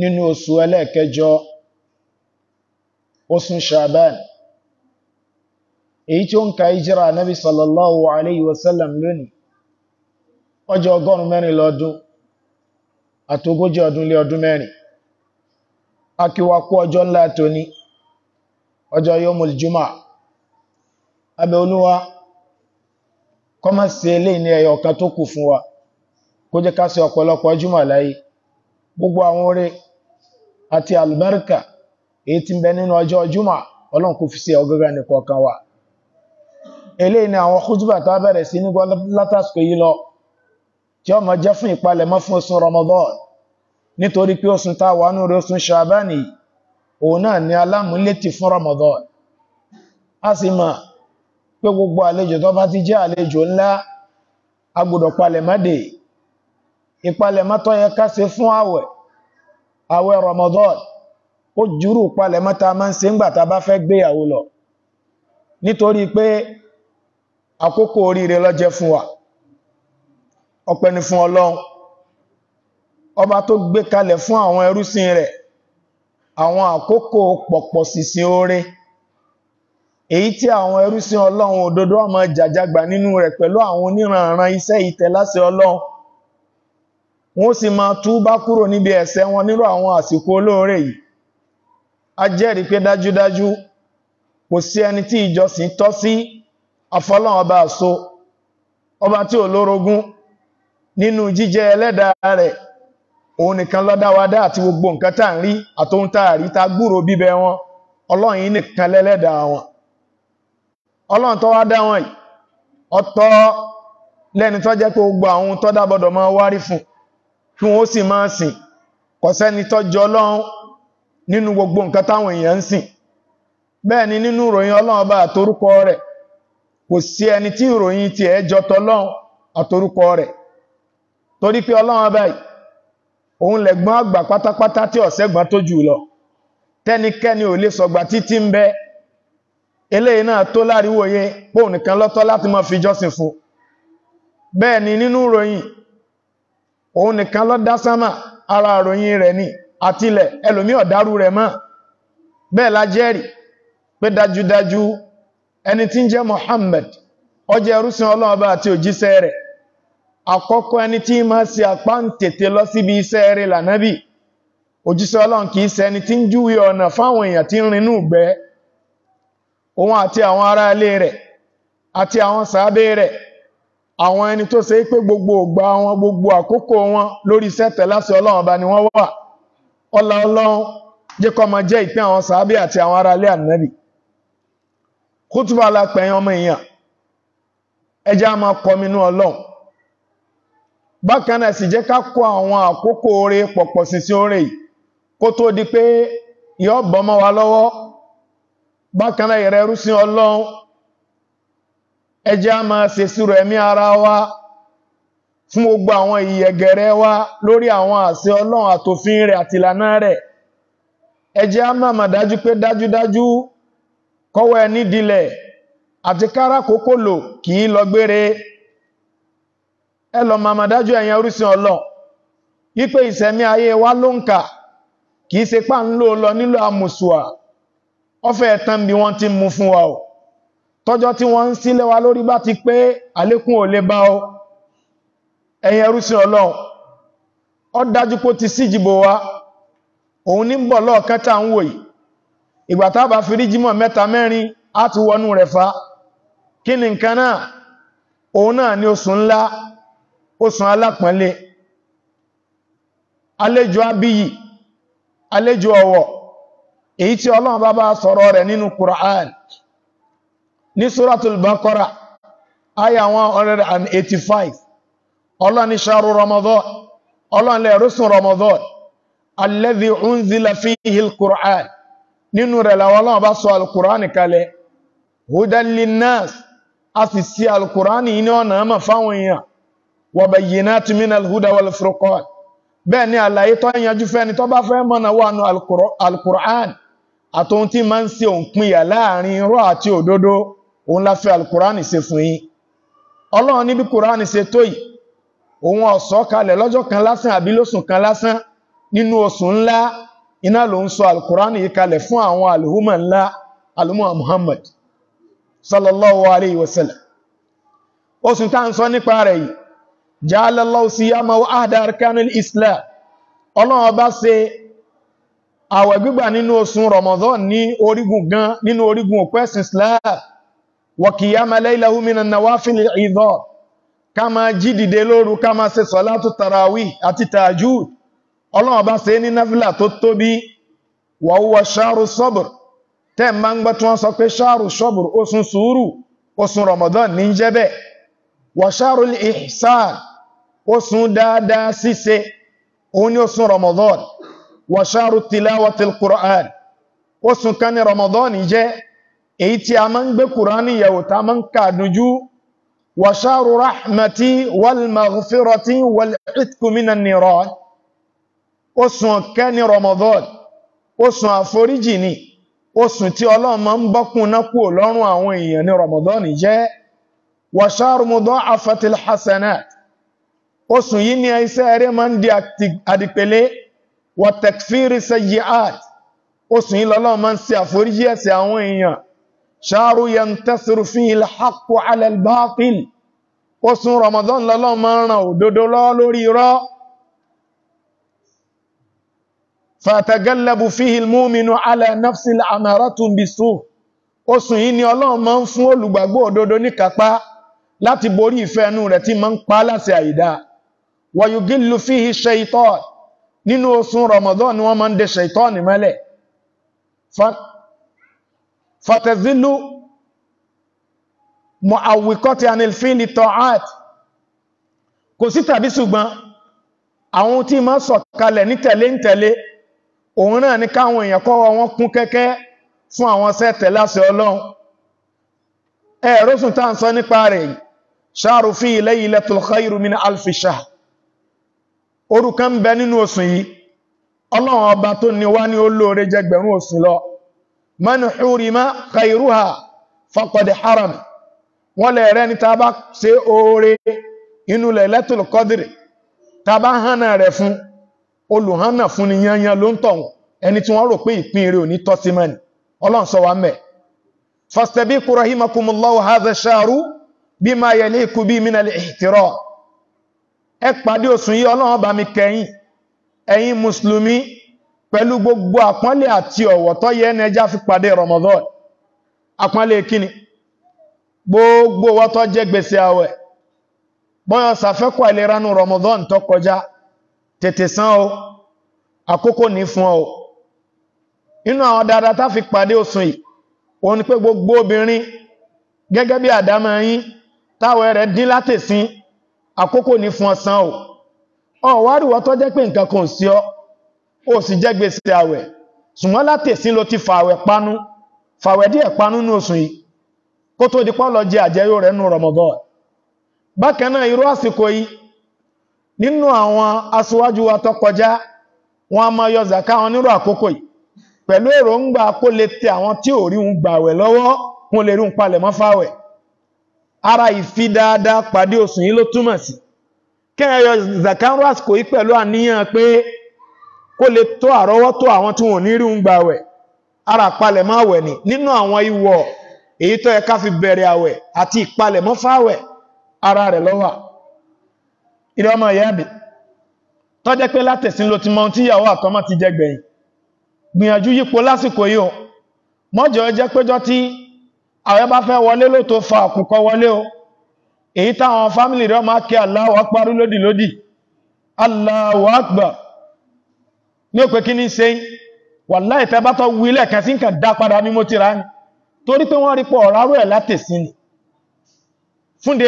nínú oṣù ẹlẹ́ẹ̀kẹjọ oṣù shaban èyí tí ó ń ka ìjírà anábi sallallahu alayhi wasallam lónìí ọjọ́ ọgọ́rùn mẹ́rin lọ́dún àtogójì ọdún lé ọdún mẹ́rin akíwakú ọjọ́ ńlá tóní ọjọ́ yomul juma abẹ́ olúwa kọ́má sí ní kan tó kù fún wa kó jẹ́ ká ọ̀pọ̀lọpọ̀ gbogbo àwọn àti albarka èyí tí ń bẹ nínú ọjọ́ jùmọ̀ ọlọ́run kò fi sí ọgọ́gá ní kọ̀ọ̀kan wa eléyìí ni àwọn kútùbà tó bẹ̀rẹ̀ sí ní látàsíkò yìí lọ tí jẹ́ fún ipalema fún oṣù Ramadan nítorí pé oṣù tá wà nínú oṣù Ṣàbánì òun náà ni alámúlétì fún Ramadan a sì mọ̀ pé gbogbo àlejò tó bá ti jẹ́ àlejò ńlá a gbọ́dọ̀ palẹ̀mọ́ fún àwẹ̀ àwẹ̀ Ramadan ó jùrù palẹ̀ mọ́ta máa ń ṣe ńgbà tá bá fẹ́ gbéyàwó lọ nítorí pé àkókò oríire ló jẹ́ fún wa ọpẹ́ ni fún Ọlọ́run ọba tó gbé kalẹ̀ fún àwọn ẹrúsìn rẹ̀ àwọn àkókò pọ̀pọ̀ sísin oore èyí tí àwọn ẹrúsìn Ọlọ́run òdodo ọmọ jàjàgbà nínú rẹ̀ pẹ̀lú àwọn oníranran iṣẹ́ ìtẹ̀láṣẹ Ọlọ́run wọ́n sì máa bá kúrò níbi ẹ̀sẹ̀ wọn nírò àwọn àsìkò olóore yìí a jẹ́rìí pé dájúdájú kò sí ẹni tí ìjọsìn tọ́ sí afọ́lọ́n ọba àso ọba tí ò lórogún nínú jíjẹ ẹlẹ́dàá rẹ̀ òun nìkan lọ́dáwádá àti gbogbo nǹkan tá ń rí àtóhun tá rí tá gbúrò bíbẹ wọn ọlọ́run yìí nìkan lẹ́lẹ́dàá wọn ọlọ́run tó wá dá wọn yìí ọ̀tọ̀ lẹ́ni tó jẹ́ pé gbogbo àwọn tó dábọ̀dọ̀ máa wárí fún un kí wọ́n sì máa sìn kọ̀sẹ́ni tọ́jú ọlọ́run nínú gbogbo nǹkan táwọn èèyàn ń sìn bẹ́ẹ̀ ni nínú ìròyìn ọlọ́run àtorúkọ rẹ̀ kò sí ẹni tí ìròyìn ti jọ tọlọ́run àtorúkọ rẹ̀ torí pé ọlọ́run òun lẹ̀gbọ́n àgbà pátápátá tí ọ̀sẹ́gbọ́n tó jù lọ tẹ́nikẹ́ni ò lè sọ̀gbà títí ń bẹ eléyìí náà tó póun nìkan láti fi jọ́sìn fún bẹ́ẹ̀ ni nínú ìròyìn òun nìkan dasa dá sánmà ara àròyìn rẹ ni àtilẹ̀ ẹlòmí ọ̀dárú rẹ̀ mọ́ bẹ́ẹ̀ la pé dájúdájú ẹni tí ń Muhammad ó ẹrúsìn ọlọ́ọ̀bá àti òjíṣẹ́ rẹ̀ àkọ́kọ́ ẹni tí máa ṣe àpá ń tètè lọ síbi iṣẹ́ rẹ̀ ojise òjíṣẹ́ ọlọ́run kìí ṣe ẹni tí ń júwe ọ̀nà fáwọn èèyàn tí ń rinú òun àti àwọn àti àwọn sàábé àwọn ẹni tó ṣe pé gbogbo ògbà wọn gbogbo àkókò wọn lórí iṣẹ́ tẹ̀láṣẹ ọlọ́run ọba ni wọ́n wà ọlá ọlọ́run jẹ́ kó máa jẹ́ ìpín àwọn sàábì àti àwọn ará ilé ànábì kútùbà alápẹ̀yìn ọmọ èèyàn ẹjẹ́ a máa kọminú ọlọ́run bákan náà sì jẹ́ ká kó àwọn àkókò oore pọ̀pọ̀ sísìn oore yìí kó tó di pé yọ́ bọ́mọ́ wa lọ́wọ́ bákan náà ìrẹ́rú sí ọlọ́run ẹ jẹ́ a máa ṣe sírò ẹ̀mí ara wa fún gbogbo àwọn ìyẹ̀gẹ̀rẹ̀ wa lórí àwọn àṣẹ ọlọ́run àtòfin rẹ̀ àti ìlànà rẹ̀ ẹ jẹ́ a máa mà dájú pé dájúdájú kọ́wọ́ ẹni dilẹ̀ àti kára kòkòlò kì í lọ gbére ẹ lọ mà mà dájú ẹ̀yin orísun ọlọ́run wípé ìṣẹ̀mí ayé wa ló ń kà kì í ṣe pá lọ nílò àmùsùà ọfẹ́ ẹ̀tàn bí wọ́n ti mú fún wa o tọ́jọ́ tí wọ́n ń sílẹ̀ wa lórí bá ti pé alékún ò lè bá ọ ọlọ́run ọ dájú pó ti síjìbò wa òun ní bọ̀ lọ́ọ̀kẹ́ tá ń wò yìí ìgbà tá bá jímọ̀ mẹ́ta mẹ́rin á ti wọnú rẹ̀ fa kí ni nǹkan náà òun náà ni oṣù ńlá oṣù ní suratul Baqara aya 185 ọlọ́run ní ṣàrù Ramadan ọlọ́run lè rúsùn Ramadan alladhi unzila fihi al-Qur'an nínú rẹ̀ làwọn ọlọ́run bá sọ al-Qur'an kalẹ̀ hudan linnas a sì sí al-Qur'an ní ọ̀nà àmà fáwọn èèyàn wa bayyinatin min al-huda wal-furqan bẹ́ẹ̀ ni àlàyé tó yanjú fẹ́ni tó bá fẹ́ mọ̀nà wà nù al-Qur'an tí máa ń ṣe òǹpinyà láàrin irọ́ àti òdodo òun la fi alkùránì se fún ọla ọlọ́run níbi kùránì se tó yìí òun ọ̀sọ́ kalẹ lọjọ kan lásán àbí lóṣùn kan lásán nínú oṣù ńlá iná ló sọ alkùránì yìí kalẹ̀ fún àwọn alùhúmọ̀ ńlá Muhammad sallallahu alayhi wa sallam oṣù tá ń sọ nípa rẹ̀ yìí jaalallahu siyama wa ahda arkanil islam ọba ṣe gbígbà nínú oṣù Ramadan ní orígun gan nínú orígun wọ̀kìyàmà laylahu minan nawafil ìdọ́ ká máa jí dìde lóru ká máa ṣe sọ́látù tàràwì àti tààjúd ọlọ́run ọba ṣe ní náfìlà tó tóbi wa huwa ṣáàrù sọ́bùr tẹ́ ma ń gbọ́ tí sọ pé ṣáàrù sọ́bùr oṣù sùúrù oṣù Ramadan ní jẹ́bẹ̀ wa ṣáàrù ihsan oṣù dáadáa èyí tí a máa ń gbé kùránì yẹ̀wò tá máa ń kàdójú wa sharu rahmati wal maghfirati wal itqu minan niran oṣù ọ̀kẹ́ ni Ramadan oṣù àforíjì ni oṣù tí Ọlọ́run máa ń bọ́kùn náà kú lọ́rùn àwọn èèyàn ní Ramadan jẹ́ wa sharu mudha'afatil hasanat oṣù yìí ni iṣẹ́ eré máa ń di àdìpẹ̀lẹ́ wa takfiri sayyi'at oṣù yìí lọ́lọ́run máa ń ṣe àforíjì ẹ̀ṣẹ̀ àwọn èèyàn ṣáàrù yantasiru fihil haqqu ala al-batil oṣù Ramadan lọ́lọ́ máa ràn òdodo lọ lórí irọ́ fatagallabu fihil mu'minu ala nafsil amaratun bisu oṣù yìí ni Ọlọ́run máa ń fún olùgbàgbọ́ òdodo ní kápá láti borí ìfẹ́ ẹnu rẹ̀ tí máa ń pa láti àìdá wayugillu fihi shaitan nínú oṣù Ramadan ni wọ́n máa ń de shaitan mẹ́lẹ̀ fàtẹ̀zílú mọ̀ àwìkọ́ ti anilfin lè tọ́ art kò sí tàbí ṣùgbọ́n àwọn tí ma sọ̀kalẹ̀ ní tẹ̀lé ní tẹ̀lé òun náà ní káwọn èèyàn kọ́wọ́ wọn kún kẹ́kẹ́ fún àwọn sẹ́tẹ̀ láṣẹ ọlọ́run ẹ̀rọ́sùn tàà man hurima khairuha faqad haram wọ́n lè rẹ́ ní tàbá ṣe oore inú lailatul qadr tàbá hànà rẹ̀ fún olùhànà fún ni yanyan ló ń tọ̀wọ̀n ẹni tí wọ́n rò pé ìpín rẹ̀ ò ní tọ́sí mẹ́ni ọlọ́n sọ wá mẹ́ fastabiqu rahimakumullahu hadha shahru bima yaliqu bi min al-ihtiram ẹ pàdé oṣù yìí ọlọ́run bá mi kẹ́yìn ẹ̀yin mùsùlùmí pẹ̀lú gbogbo àpọ́nlé àti ọ̀wọ̀ tó yẹ ẹnẹjá fi pàdé Ramadan àpọ́nlé kíni gbogbo wa tó jẹ́ gbèsè àwẹ̀ bọ́yọ̀ sàfẹ́kọ̀ nù Ramadan tó kọjá tètè sán o àkókò ní fún ọ inú àwọn dada tá fi pàdé ni pé gbogbo obìnrin gẹ́gẹ́ bí yín rẹ̀ dín látẹ̀sín àkókò ní fún ọ o ọ̀wárìwọ́ jẹ́ pé nǹkan sí ọ o si je gbese awe sumo latesin lo ti fa awe panu fa awe die panu ko to di lo je aje yo re nu ramadan bakan na iru asiko yi ninu awon asuwaju ato to koja won ma yo zaka won akoko yi pelu ero ngba ko le ti awon ti ori un gba awe won le ri pale mo fa awe ara ifi daada pade osun lo tumasi si ken yo zaka ru asiko yi pelu pe kó lè tó àrọ́wọ́tó àwọn tí wọ́n ní rí ń gba àwẹ̀ ara ìpalẹ̀mọ́ àwẹ̀ ni nínú àwọn ìwọ̀ èyí tó yẹ ká fi bẹ̀rẹ̀ àwẹ̀ àti ìpalẹ̀mọ́ fáwẹ̀ ara rẹ̀ lọ́wà ilé ọmọ ìyáàbì tó jẹ́ pé látẹ̀sín ló ti mọ tí ìyàwó àtọmọ ti jẹ gbẹ̀yìn gbìyànjú yípo lásìkò yìí o mọ́jọ jẹ́ péjọ tí àwẹ̀ bá fẹ́ wọlé ló tó fa àkùkọ wọlé o èyí táwọn fámìlì rẹ̀ máa kí Allahu Akbar lódì lódì Allahu Akbar ní òpè kí ní ṣe wàláhì ìfẹ́ bá tọ́ wí lẹ́ẹ̀kan sí nǹkan dá padà ní mo ti ra ní torí pé wọ́n rí pọ̀ ni fúnde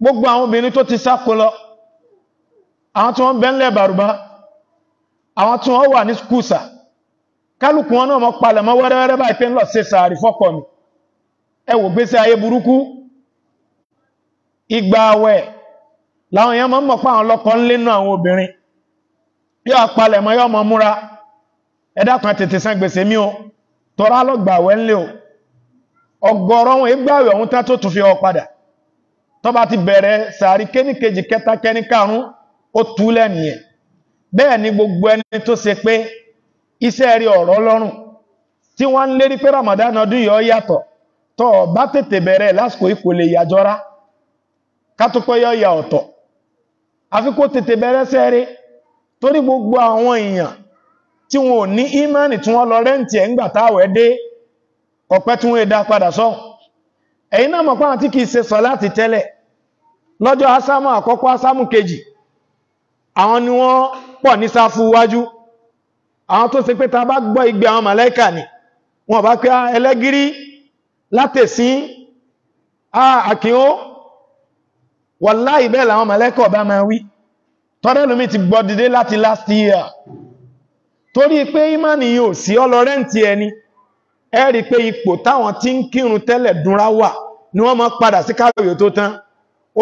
gbogbo àwọn obìnrin tó ti sáko lọ àwọn tí wọ́n bẹ́ ńlẹ̀ bàrùbá àwọn tí wọ́n wà ní skusa. kálùkù wọn náà mọ́ palẹ̀ mọ́ wẹ́rẹ́wẹ́rẹ́ lọ mi ẹ wò gbé ayé burúkú ìgbà àwẹ̀ làwọn èèyàn mọ́ pa àwọn àwọn yóò palẹ̀ mọ́ yóò mọ́ múra ẹ̀dàkùn tètè san gbèsè mi o tọ́rá lọ́gbàwẹ́ ńlẹ̀ o ọgọ́rọ̀ wọn ìgbàwẹ̀ ọ̀hún tán tó tún fi ọ padà ti bẹ̀rẹ̀ sàárì kéníkejì kẹta kẹni karùn ó túlẹ̀ bẹ́ẹ̀ ni gbogbo ẹni tó ṣe pé iṣẹ́ rí ọ̀rọ̀ lọ́rùn tí wọ́n ń lérí pé Ramadan ọdún yàtọ̀ bá tètè bẹ̀rẹ̀ lásìkò lè yọ ya torí gbogbo àwọn èèyàn tí wọn ò ní ìmánì tí wọ́n lọ rẹ́ǹtì ẹ̀ ń gbà táwẹ̀ dé kọ̀pẹ́ tí wọ́n èdà padà sọ ẹ̀yin náà mọ̀ pé àwọn tí kìí ṣe sọ̀láàtì tẹ́lẹ̀ lọ́jọ́ asámù àkọ́kọ́ asámù kejì àwọn ni wọ́n pọ̀ ní sáfù wájú àwọn tó ṣe pé ta bá gbọ́ igbe àwọn màlẹ́kà ni wọ́n bá pé ah, ẹlẹ́gìrì látẹ̀sín ah, àkíó wàláì bẹ́ẹ̀ làwọn màlẹ́kà ọba máa wí tọ́rẹ́ lómi ti gbọ́dìdé láti last year torí pé imani yóò sí ọlọ́rẹ́ntì ẹni ẹ rí pé ipò táwọn tí ń kírun tẹ́lẹ̀ dúnra wà ni wọ́n máa padà sí káyọ̀ tó tán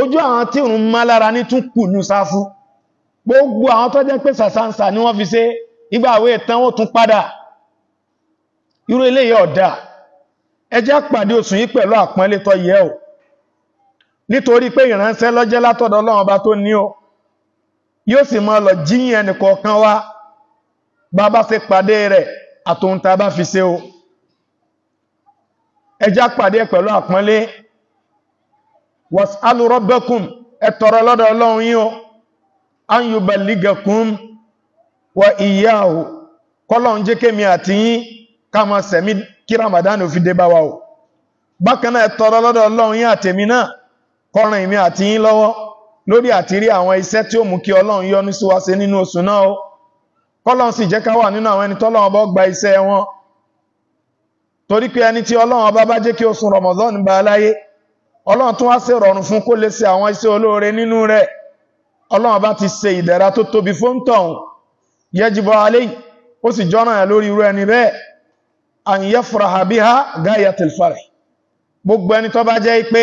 ojú àwọn tí òun má lára ní tún kù ní sáfú gbogbo àwọn tó jẹ́ pé sàsánsà ni wọ́n fi ṣe ìgbà àwẹ̀ tán ó tún padà irú eléyìí ọ̀dà ẹ pàdé oṣù yìí pẹ̀lú àpọ́nlé yẹ ò nítorí pé ìránṣẹ́ lọ́jẹ́ látọ̀dọ̀ Ọlọ́run ọba tó ní o yóò sì máa lọ jíyìn ẹnìkọ̀ọ̀kan wá bá bá ṣe pàdé rẹ̀ àtòhun tá bá fi ṣe o ẹjá pàdé pẹ̀lú àpọ́nlé was'alu rabbakum ẹ lọ́dọ̀ Ọlọ́run yín o an yuballigakum wa iyyahu kọ́lọ̀un jẹ́ kémi àti yín ká máa sẹ̀mí kí Ramadan ò fi dé bá wa o bákan náà ẹ lọ́dọ̀ Ọlọ́run yín àtèmi náà kó ràn àti yín lọ́wọ́ lórí àtìrí àwọn iṣẹ́ tí ó mú kí ọlọ́run yọ́nú sí wa ṣe nínú oṣù náà ó kọ́lọ́n sì jẹ́ ká wà nínú àwọn ẹni tọ́lọ́run bá gba iṣẹ́ wọn torí pé ẹni tí ọlọ́run bá bá jẹ́ kí oṣù Ramadan bá láyé ọlọ́run tún wá ṣe rọrùn fún kó lè ṣe àwọn iṣẹ́ olóore nínú rẹ̀ ọlọ́run bá ti ṣe ìdẹ̀ra tó tóbi fóńtọ̀hún yẹjibọ́ alẹ́ ó sì jọ́nà ẹ̀ lórí irú ẹni bẹ́ẹ̀ àyẹ̀fùràhàbíhá gáyàtìlfàrẹ̀ gbogbo ẹni tó bá jẹ́ pé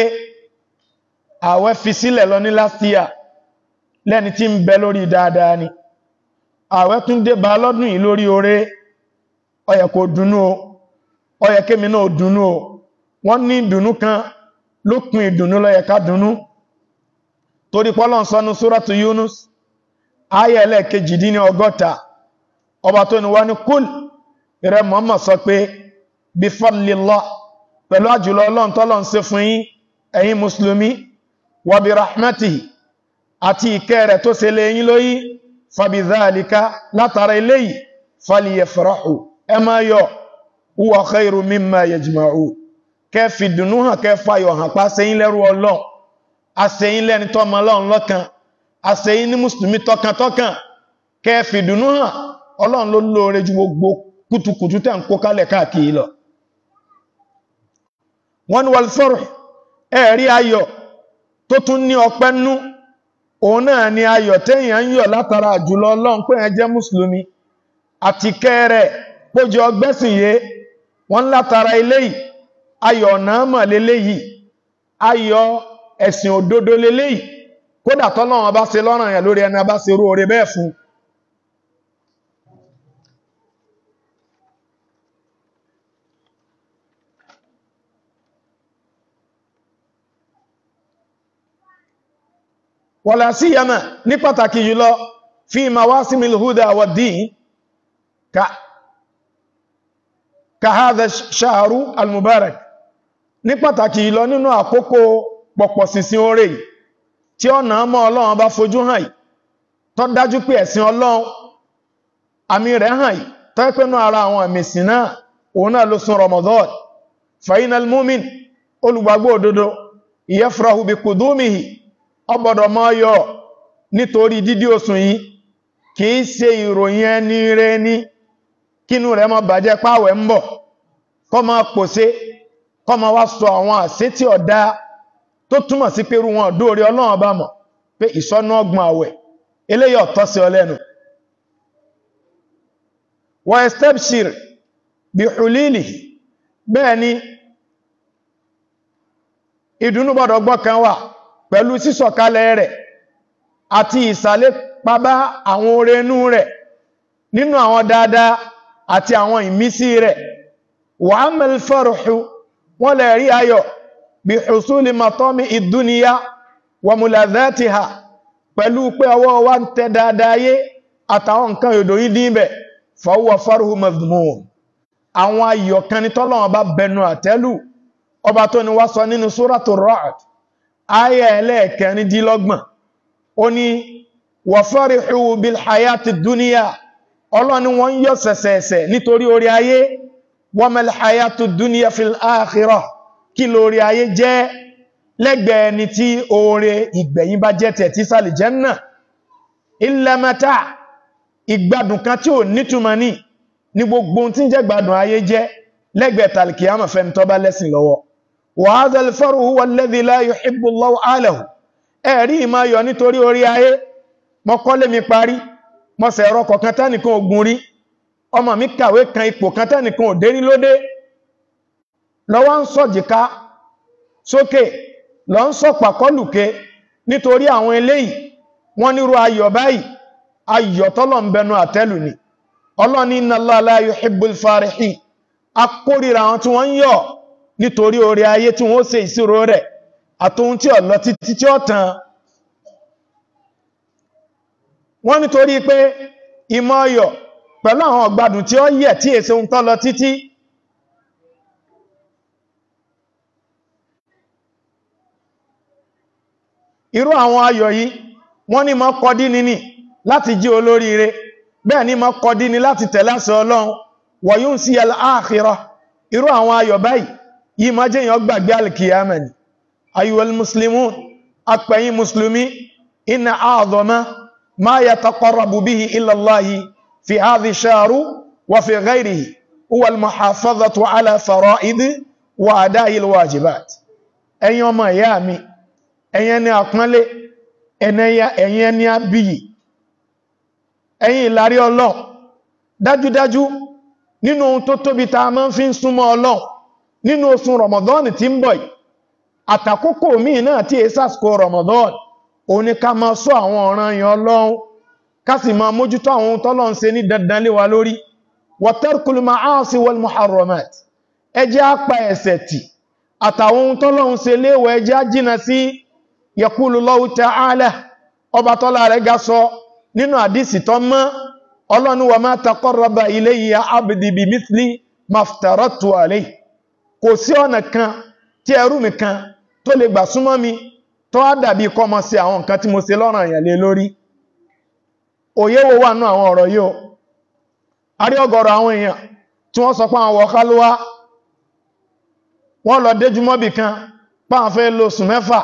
àwẹ̀ fi sílẹ̀ lọ ní last year tí ń bẹ lórí dáadáa ni àwẹ̀ tún dé bá lọ́dún yìí lórí oore ó yẹ kó o ó yẹ kémi náà dùnú o wọn ní ìdùnú kan lópin ìdùnú ló yẹ ká dùnú torí pọ́lọ́n sọ́nu súrọ́tù Yunus ayé ẹlẹ́ẹ̀kejì dín ní ọgọ́ta ọba tó ní wọ́n ní kúl rẹ Muhammad sọ pé bí fadlillah pẹ̀lú àjùlọ ọlọ́run tọ́lọ́run ṣe fún yín ẹ̀yin mùsùlùmí wa bi rahmatihi àti ìkẹ́ rẹ̀ tó ṣe lé yín lóyí fàbízáàlìká látara eléyìí falyafrahu ẹ máa yọ̀ huwa khairu mimma yajma'u kẹ́ fi dùnú hàn kẹ́ fayọ̀ hàn pa sẹ́yìn lẹ́rú ọlọ́n asẹ́yìn lẹ́ni tọ́mọ ọlọ́run lọ́kan asẹ́yìn wọ́n ni wal farh ẹ̀rí ayọ̀ tó tún ní ọpẹ́ nú òun náà ni ayọ̀ téèyàn ń yọ̀ látara àjùlọ Ọlọ́run pé ẹ jẹ́ mùsùlùmí àti kẹ́rẹ̀ pójọ ọgbẹ́sìn yé wọ́n látara eléyìí ayọ̀ ọ̀nà mọ̀ leléyìí ayọ̀ ẹ̀sìn òdodo leléyìí kódà tọ́lọ́run bá ṣe lọ́ranyàn lórí ẹni bá ṣe rú oore bẹ́ẹ̀ fún un wọ̀lá sí yẹmẹ̀ ní pàtàkì jùlọ fi mawasimil huda wa din ka hadha shahru al-mubarak ní pàtàkì jùlọ nínú àkókò pọ̀pọ̀ sísin oore tí ọ̀nà mọ́ ọlọ́run bá fojú hàn yìí tó dájú pé ẹ̀sìn ọlọ́run àmì rẹ̀ hàn yìí tó pẹ́nu ara àwọn àmì ìsìn náà òun náà ló sun Ramadan fainal mumin olùgbàgbọ́ òdodo yafrahu bi kudumihi ọgbọ̀dọ̀ mọ́ yọ nítorí dídí oṣù yìí kì í ṣe ìròyìn ẹni rẹ ní kínú rẹ mọ́ bàjẹ́ páwẹ̀ ń bọ̀ kọ́ mọ́ pòṣe wá sọ àwọn àṣẹ tí ọ̀dá tó túmọ̀ sí pé wọn dóore ọlọ́run bá mọ̀ pé ìsọ́nú ọgbọ̀n àwẹ̀ eléyìí ọ̀tọ́ sí ọ lẹ́nu wọ́n hulili bẹ́ẹ̀ ni gbọ́dọ̀ kan wà pẹ̀lú sísọ̀kalẹ̀ rẹ̀ àti ìsàlẹ̀ pàbá àwọn orenú rẹ̀ nínú àwọn dáadáa àti àwọn ìmísí rẹ̀ wà mẹ́l fẹ́rùhù wọ́n lè rí ayọ̀ bí hùsúlì matọ́mí ìdúniyá wà múlẹ̀dẹ́tì ha pẹ̀lú pé ọwọ́ wa ń tẹ dáadáa yé àtàwọn nǹkan ayẹ ẹlẹ́ẹ̀kẹrin dílọ́gbọ̀n ó ní wafarihu bil hayati dúníyà ọlọ́ni wọ́n ń yọ̀ sẹ̀sẹ̀ẹ̀sẹ̀ nítorí orí ayé wa mal hayatu dúníyà fil akhirah kí lórí ayé jẹ́ lẹ́gbẹ̀ẹ́ ni tí oore ìgbẹ̀yìn bá jẹ́ tẹ̀ tí sàlì janna illa mata ìgbádùn kan tí ò nítumọ̀ ní ní gbogbo tí wàhádà alfaru huwa alladhi la yuhibbu Allahu alahu ẹ̀rí ìmá yọ nítorí orí ayé mọ́ kọ́lé mi parí mọ́ sẹ̀rọ kọ̀kan tánìkan ogun rí ọmọ mi kàwé kan ipò kan tánìkan ò dérí lódé lọ́wọ́ ń sọ̀jìká sókè lọ ń sọ pàkọ́lùké nítorí àwọn eléyìí wọ́n nírú ayọ̀ báyìí ayọ̀ tọ́lọ̀ ń bẹnu àtẹ́lù ni ọlọ́ni inna Allaha la yuhibbul farihin akórira àwọn tí wọ́n ń yọ̀ nítorí orí ayé tí wọ́n ṣe ìṣirò rẹ̀ àtohun tí ọ̀lọ́ títí tí ó tàn wọ́n nítorí pé ìmọ̀ ọyọ̀ pẹ̀lú àwọn ọ̀gbádùn tí ó yẹ̀ tí èsè ohun tọ́lọ títí irú àwọn ayọ̀ yìí wọ́n ní mọ́ kọdí nini láti jí olóríire bẹ́ẹ̀ ni mọ́ kọdí ni láti tẹ̀lásọ ọlọ́run wọ̀yún sí al-akhirah irú àwọn ayọ̀ báyìí yìí má jẹ́yàn gbàgbé alkiyama ni ayyuwal muslimun apẹ̀yìn musulmi inna a'dhama ma yataqarrabu bihi illa Allahi fi hadhi sha'ru wa fi ghayrihi huwa al-muhafazatu ala fara'idi wa ada'i al-wajibat ẹ̀yin ọmọ ìyá mi ẹ̀yin ni àpọ́nlé ẹ̀yin ni àbíyì ẹ̀yin ìlàrí Ọlọ́run dájúdájú nínú ohun tó tóbi ta máa fi ń súnmọ́ Ọlọ́run nínú oṣù Ramadan tí ń bọ̀ yìí àtàkókò míì náà tí è sàsìkò Ramadan ó ní ká máa sọ àwọn ọ̀ràn yẹn Ọlọ́run ká sì máa mójútó àwọn ohun tọ́lọ́run ṣe ní dandan lé wa lórí wa tarkul ma'asi muharramat ẹ jẹ́ á tì àtàwọn ohun tọ́lọ́run ṣe léèwọ̀ ẹ jìnà sí yaqulu Allahu ta'ala ọba tọ́lá rẹ̀ ga sọ nínú àdísì tọ́ mọ́ Ọlọ́run wa ma taqarraba ilayya abdi bimithli maftaratu alayhi kò sí ọ̀nà kan tí ẹrú mi kan tó lè gbà súnmọ́ mi tó á dàbí kọmọ sí àwọn mo se lọ́ràn èèyàn lé lórí òye wo wà nú àwọn ọ̀rọ̀ yìí o a àwọn èèyàn tí wọ́n sọ pé àwọn kan páwọn fẹ́ lo oṣù mẹ́fà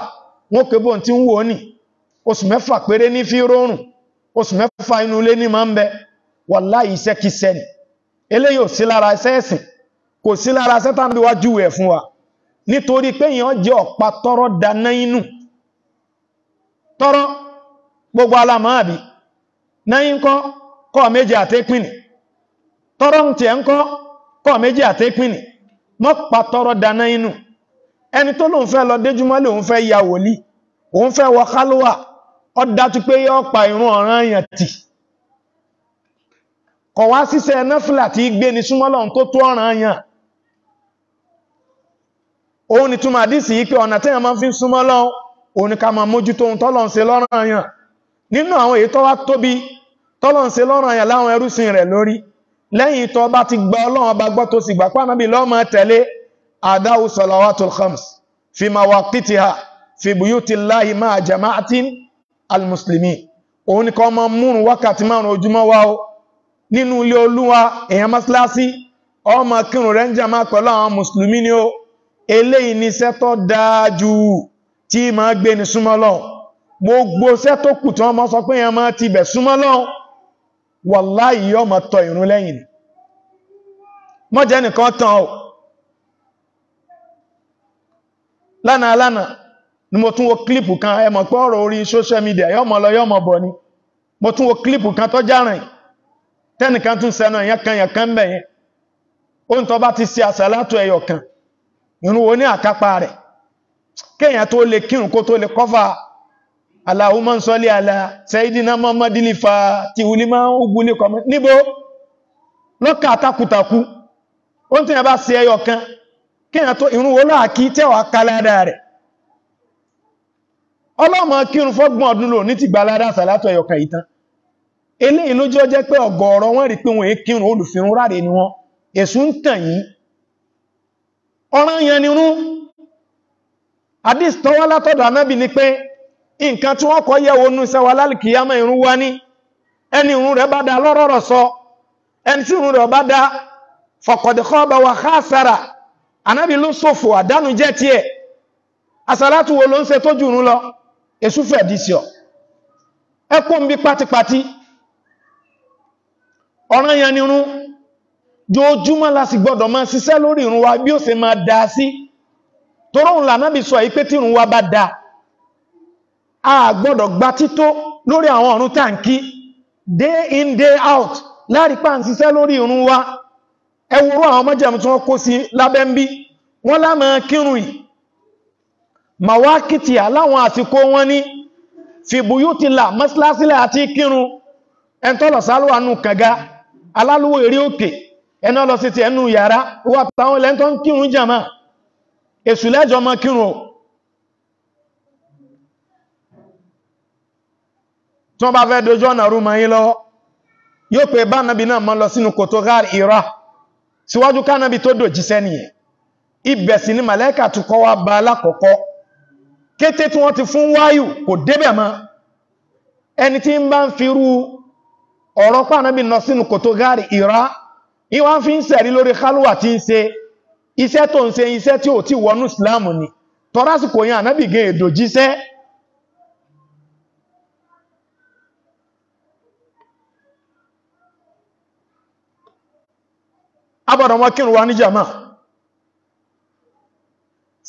wọ́n ké bóun ti ń wò ó nì oṣù mẹ́fà péré ní fi rọrùn oṣù mẹ́fà inú ilé ní máa ń bẹ eléyìí kò sí lára sẹ́tàn bí wájú ẹ̀ fún wa nítorí pé èèyàn jẹ́ ọ̀pá tọ́rọ́ dáná inú tọ́rọ́ gbogbo alamọ́àbí náyí ńkọ́ kọ́ méjì àtẹ́pìnì tọ́rọ́ ń tiẹ̀ ńkọ́ kọ́ méjì àtẹ́pìnì mọ́ pa tọ́rọ́ dáná inú ẹni tó lóun fẹ́ lọ déjúmọ́ lóun fẹ́ ya wòlí òun fẹ́ wọ kálúwà ọ dájú pé yọ pa ìrun ọ̀ràn èèyàn tì kọ̀ wá síṣẹ́ náfìlà tí gbéni súnmọ́ lọ́hun tó tó ọ̀ràn èèyàn òun ni túnmọ̀ àdísì yìí pé ọ̀nà tí a máa fi ń súnmọ́ lọ́wọ́ òun ni ká máa mójútó ohun tọ́lọ̀ ń ṣe lọ́ràn yàn nínú àwọn èyí tó wá tóbi tọ́lọ̀ ń ṣe lọ́ràn yàn láwọn ẹrúsìn rẹ̀ lórí lẹ́yìn tó bá ti gba ọlọ́run bá gbọ́ tó sì gbà pàmò bí lọ́mọ tẹ̀lé adáwù salawatul khams fi mawaqitiha fi buyutillahi ma'a jama'atin almuslimin òun ni kọ́ mọ́ wákàtí márùn ojúmọ́ wa o nínú ilé olúwa èèyàn mọ́sálásí ọmọ kírun rẹ̀ ń jàmá pẹ̀lú àwọn mùsùlùmí ni o eléyìí ni iṣẹ́ tó dáájú tí ma gbé ni súnmọ́ mo gbogbo iṣẹ́ tó kù tí wọ́n mọ́ sọ pé yẹn máa ti bẹ̀ súnmọ́ Ọlọ́run wàláhì yóò máa tọ lẹ́yìn ni nìkan tán o lánàá lánàá ni mo tún wo kan ẹ mọ̀ pé ọ̀rọ̀ orí social media lọ yọ́ mọ̀ bọ̀ ni mo tún wo klípù kan tó járìn tẹ́nìkan tún sẹ́nu ẹ̀yàn kan yẹn kan bẹ̀yẹn ó ń tọ́ bá ti ṣe àsàlátù ẹyọ kan irun wo ní àkápá rẹ̀ kéèyàn tó lè kírun kó tó lè kọ́fà Allahumma salli ala Sayyidina Muhammadil Fatihil lima ughliqa kọ́mọ níbo lọ́kà àtakùtakù ó ń tẹ́yàn bá ṣe ẹyọ kan kéèyàn tó irun wo láàkí tẹ́wàá káládà rẹ̀ ọlọ́mọ kírun fọ́gbọ̀n ọdún lò ní ti gbalada sàlátù ẹyọkan ìtàn eléyìí lójú ọjẹ́ pé ọ̀gọ̀ọ̀rọ̀ wọn rí pé wọn èé kírun olùfihàn ráre ni wọn èsù ń tàn ọ̀ràn yẹn ni rún hadith tán wá látọ̀dọ̀ anábì ni pé nǹkan tí wọ́n kọ́ yẹ̀wò nú iṣẹ́ wa lálìkìyàmọ̀ ìrun wá ní ẹni ìrun rẹ̀ bá da lọ́rọ̀rọ̀ sọ ẹni tí ìrun rẹ̀ bá da fọ̀kọ̀dẹ̀kọ́ bá wà khasara anábì ló sòfò àdánù jẹ́ tiẹ̀ asàlátù wo ló ń ṣe tójú ìrun lọ èṣù fẹ̀ dì ẹkùn bí pátípátí ọ̀ràn yẹn ni rún jojúmọ́ la sì gbọ́dọ̀ máa ṣiṣẹ́ lórí ìrun wa bí ó ṣe máa dáa sí toróhùn lànábì sọ yìí tí ìrun wa bá dáa a gbọ́dọ̀ gba tító lórí àwọn ọ̀run tàǹkí day in day out lárípá ń ṣiṣẹ́ lórí ìrun wa ẹwúrú àwọn ọmọjẹ̀mú tí wọ́n kó sí lábẹ́ ń bí wọ́n lámà kírun yìí màwákìtì aláwọn àsìkò wọn ní fìbúyútìlà mọ́sílásílẹ̀ àti kírun ẹntọ́lọ̀sálùwà nù kànga alálùwò eré òkè okay ẹnà lọ sí ti ẹnu yàrá wà táwọn ilẹ̀ tó ń kírun jàmá èsù lẹ́jọ ọmọ kírun tí wọ́n bá fẹ́ dojú ọ̀nà rú ma yí lọ́wọ́ yóò pé bá nàbí náà mọ́ lọ sínú kòtò gáàrì ìrà síwájú kánàbí tó dòjíṣẹ́ nìyẹn ibẹ̀ sì ni màlẹ́kà tún kọ́ wá bá alákọ̀ọ́kọ́ kété tí wọ́n ti fún wáyù kò débẹ̀ mọ́ ẹni tí ń bá ń firú ọ̀rọ̀ pàánàbí lọ sínú kòtò gáàrì ìrà ìwọ́n fi ń sẹ̀rí lórí kálùwà tí ń ṣe iṣẹ́ tó ń ṣe iṣẹ́ tí ò tí wọnú ìsìláàmù ni tọ́rásìkò yẹn ànábì gan èdò jíṣẹ́ abọ̀dọ̀ wọn kírun wa ní jama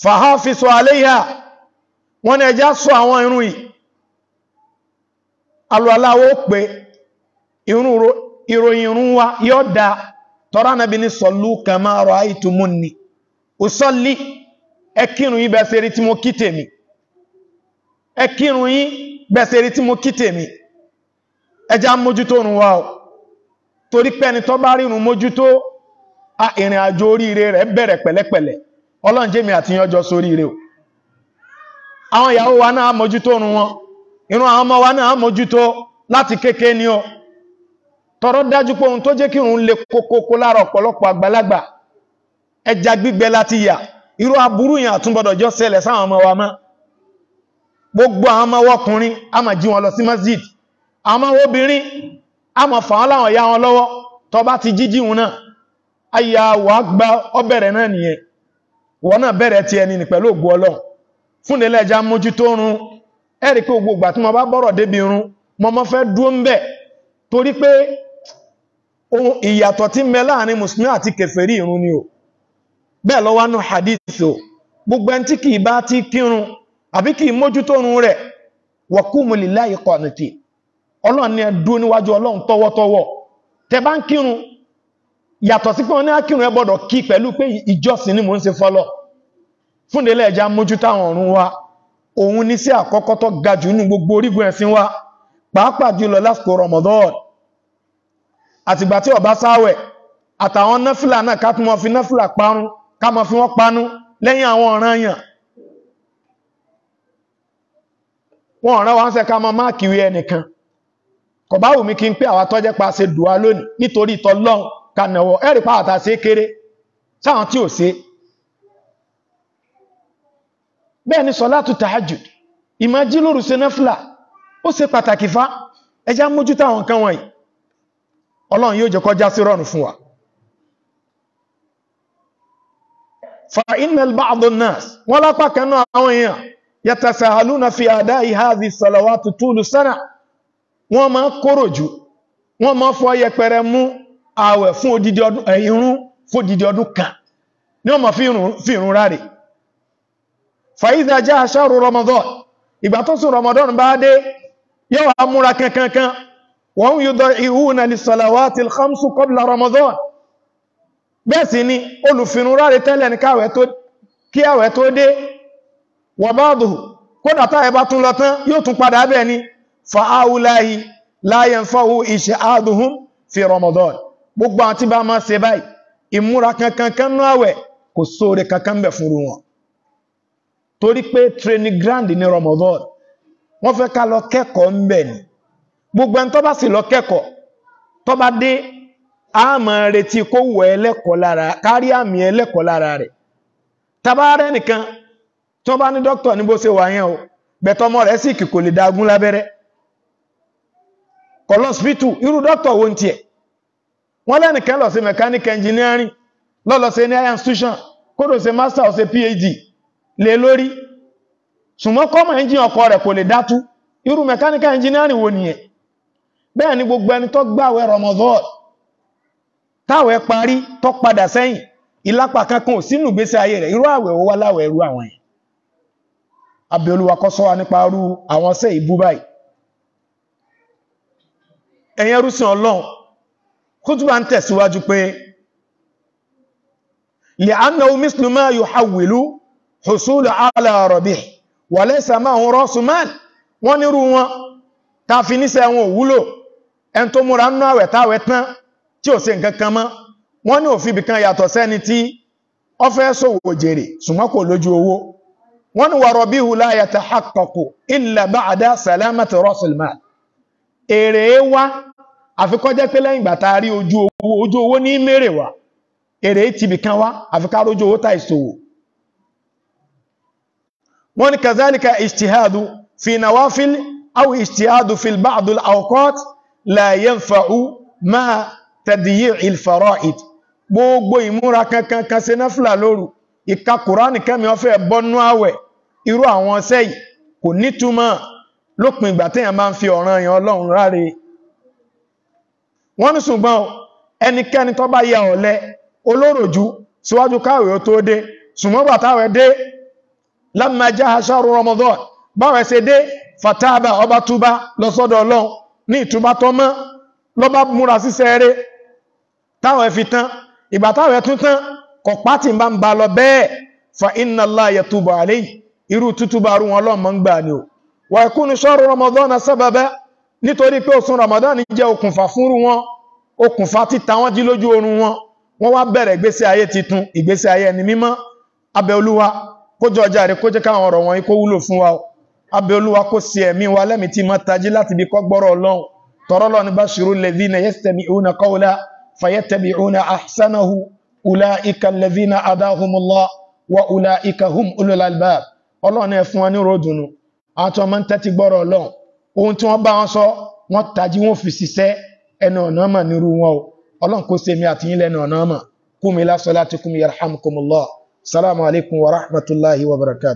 fàháfisọ aléyà wọn ni ẹjá sọ àwọn irun yìí alùaláwó pé ìròyìn irun wa yóò dáa tọrọ nàbí ní sọ̀lú kama ra'aytumuni usalli ẹkírùn yí bẹ̀ẹ̀sẹ̀ rí tí mo kí tèmi ẹkírùn yí bẹ̀ẹ̀sẹ̀ rí tí mo kí tèmi ẹjá mójútó ọ̀ torí pẹ́ni tọ́ bá mójútó a ìrìn àjò oríire rẹ̀ bẹ̀rẹ̀ pẹ̀lẹ́pẹ̀lẹ́ ọlọ́njẹ́mi àti o àwọn ìyàwó wa náà mójútó wọn àwọn ọmọ wa náà mójútó láti tọrọ dájú pé ohun tó jẹ́ kí òun lè kókókó lára ọ̀pọ̀lọpọ̀ àgbàlagbà ẹja gbígbẹ láti yà irú aburú yẹn àtúnbọ̀dọ̀ jọ ṣẹlẹ̀ sáwọn ọmọ wa máa gbogbo àwọn ọmọ ọkùnrin a máa jí wọn lọ sí masjid àwọn ọmọ obìnrin a ya wọn bá ti jíjí wọn náà gba ọbẹrẹ náà nìyẹn náà bẹrẹ ẹni ògbó fún mójútó run pé gbogbo àti mo bá débi run mo ohun ìyàtọ̀ tí mẹ láàrin musulmi àti kèfèrí ìrun ni o bẹ́ẹ̀ ló wà nínú hadith o gbogbo ẹni tí kìí bá ti kírun àbí kìí mójútó ìrun rẹ̀ wa qumu ọlọ́run ni ẹdú níwájú ọlọ́run tọwọ́tọwọ́ tẹ bá ń kírun yàtọ̀ sí pé wọ́n ní ákírun ẹ gbọ́dọ̀ kí pẹ̀lú pé ìjọsìn ni mò ń ṣe fọ́lọ̀ fúndélẹ̀ ẹja mójútó àwọn ọ̀run wa òun ni sí àkọ́kọ́ tó ga jù nínú gbogbo orígun ẹ̀sìn wa pàápàá jùlọ lásìkò Ramadan àtìgbà tí ọba sáwẹ̀ àtàwọn náfìlà náà ká tún mọ́ fi náfìlà parun ká mọ́ fi wọ́n panú lẹ́yìn àwọn ọ̀ràn yàn wọ́n ọ̀ràn wá ń sẹ́ ká mọ́ máàkì rí ẹnìkan kò bá wù mí kí n pé àwa tọ́jẹ́ pa ṣe dùá lónìí nítorí tọ́lọ́hun kanàwọ̀ ẹ̀rì pa ṣe kéré sáwọn tí ò ṣe bẹ́ẹ̀ ni sọ́látù tahajjud ìmájí lóru ṣe náfìlà ó ṣe pàtàkì fá ẹjá mójútó àwọn kan wọ̀nyí ọlọ́run yóò jẹ́ kọjá sí rọrùn fún wa fa innal ba'd an-nas wọ́n lápá kanú àwọn èèyàn yatasahaluna fi ada'i hadhihi salawatu tulu sana wọ́n máa kóró jù wọ́n máa fọ́ yẹpẹrẹ mú ààwẹ̀ fún odidi ọdún ẹ̀yìnrún eh, fún odidi ọdún kan ní wọ́n fi ìrun ráre fa idha ja'a Ramadan ìgbà tó sùn Ramadan bá dé yóò múra kankankan wọ́n yóò dọ̀ ìhúnà lè sọ̀làwà tí lọ́mùsù kọ́bùlà Ramadan bẹ́ẹ̀ sì ni olùfinú ráre tẹ́lẹ̀ ní kí àwẹ̀ tó dé wọ́n bá dùn kódà táyẹ bá tún lọ tán yóò tún padà bẹ́ẹ̀ ni fa'áwùláyì láyẹn fọ́wù ìṣẹ́ àdùhún fi Ramadan gbogbo gbogbo ẹni tó bá sì lọ kẹ́kọ̀ọ́ tó bá dé a máa retí kó wọ ẹlẹ́kọ̀ọ́ lára kárí àmì ẹlẹ́kọ̀ọ́ lára rẹ̀ tàbá rẹ̀ nìkan tó bá ní dókítà ní bó ṣe wà yẹn o bẹ̀tọ́mọ rẹ̀ sì kì kò lè dagun lábẹ́rẹ́ kọ̀ irú dókítà wo ń tiẹ̀ wọ́n lẹ́nìkan lọ sí mechanic engineering lọ́lọ́ sí ní higher institution kódò ṣe master ọ̀ṣe phd lè lórí ṣùgbọ́n kọ́mọ̀ engine ọkọ̀ rẹ̀ kò lè dátú irú mechanical engineering wo nìyẹn bẹ́ẹ̀ ni gbogbo ẹni tó gbàwẹ̀ Ramadan táwẹ̀ parí tó padà sẹ́yìn ìlápá kankan ò sínú ìgbésí ayé rẹ̀ irú àwẹ̀ ó wá láwẹ̀ irú àwọn yẹn abẹ́olúwa kó ṣọ́ wa nípa irú àwọn sẹ́ ìbú báyìí ẹ̀yin ẹrúsìn ọlọ́run kútùbà ń tẹ̀síwájú pé lè anna omislumaa yóò hawilu hùsùlù alàrọ̀bí wà lẹ́sàmà àwọn rọ́sùmán wọ́n nírú wọn ta fi níṣẹ́ wọn òwúlò ẹn tó múra nú àwẹ̀ táwẹ̀ tán tí ò ṣe nǹkan kan mọ́ wọ́n ní òfin ibìkan yàtọ̀ sẹ́ni tí ó fẹ́ ṣòwò jèrè ṣùgbọ́n kò lójú owó wọ́n ní wàrọ̀ bí hùlá yàtọ̀ àkọ̀kù illa ba'da salamati rasul mal èrè wá àfikọ́jẹ́ pé lẹ́yìn ìgbà tá a rí ojú owó ojú owó ní mèrè wá èrè ti bìkan wá àfikárójú owó tá ìṣòwò wọ́n ní kazalika ijtihadu fi nawafil aw ijtihadu fil ba'dul awqat لا yanfa'u ما tadiyir الفرائض. gbogbo ìmúra kankan kan ṣe náfìlà lóru ìka kùránì kẹ́mi ọfẹ́ bọ́nú àwẹ̀ irú àwọn ọṣẹ́ yìí kò nítumọ̀ lópin ìgbà téèyàn máa ń fi ọ̀ràn èèyàn ọlọ́run ráre wọ́n ní ṣùgbọ́n ẹnikẹ́ni tó bá ya ọ̀lẹ olóròjú síwájú káwẹ̀ ó tó dé ṣùgbọ́n gbà táwẹ̀ dé lamma jaha ramadan báwẹ̀ ṣe dé fataba ọba túbá lọ sọ́dọ̀ ọlọ́run ní ìtúbá tọ́ mọ́ lọ bá múra síṣẹ́ eré táwọn ẹ̀ tán ìgbà táwọn ẹ̀ tán fa inna Allaha yatubu alayhi irú tútúbà rú wọn lọ́mọ ń gbà ní o wa yakunu nítorí pé Ramadan jẹ́ okùnfà fúnrú wọn okùnfà títa wọn jí lójú oorun wọn wá bẹ̀rẹ̀ ìgbésí ayé titun ìgbésí ayé ẹni mímọ́ abẹ́ olúwa kójọ ọjà rẹ̀ kó jẹ́ káwọn ọ̀rọ̀ wọn kó abẹ́ olúwa kó sí ẹ̀mí wa lẹ́mí tí mọ́ tají láti bí kọ́gbọ́rọ̀ ọlọ́run tọ́rọ́lọ́ ní bashiru levina yastami'una qawla fayattabi'una ahsanahu ulaika levina adahumullah wa ulaika hum ulul albab ọlọ́run ẹ̀ fún wọn ní ròdùnú àwọn tí wọ́n máa ń tẹ́tí gbọ́rọ̀ ọlọ́run ohun tí wọ́n bá wọn sọ wọ́n tají wọ́n fi ṣiṣẹ́ ẹnu ọ̀nà mà nírú wọn o ọlọ́run kó sèmi àtìyín lẹ́nu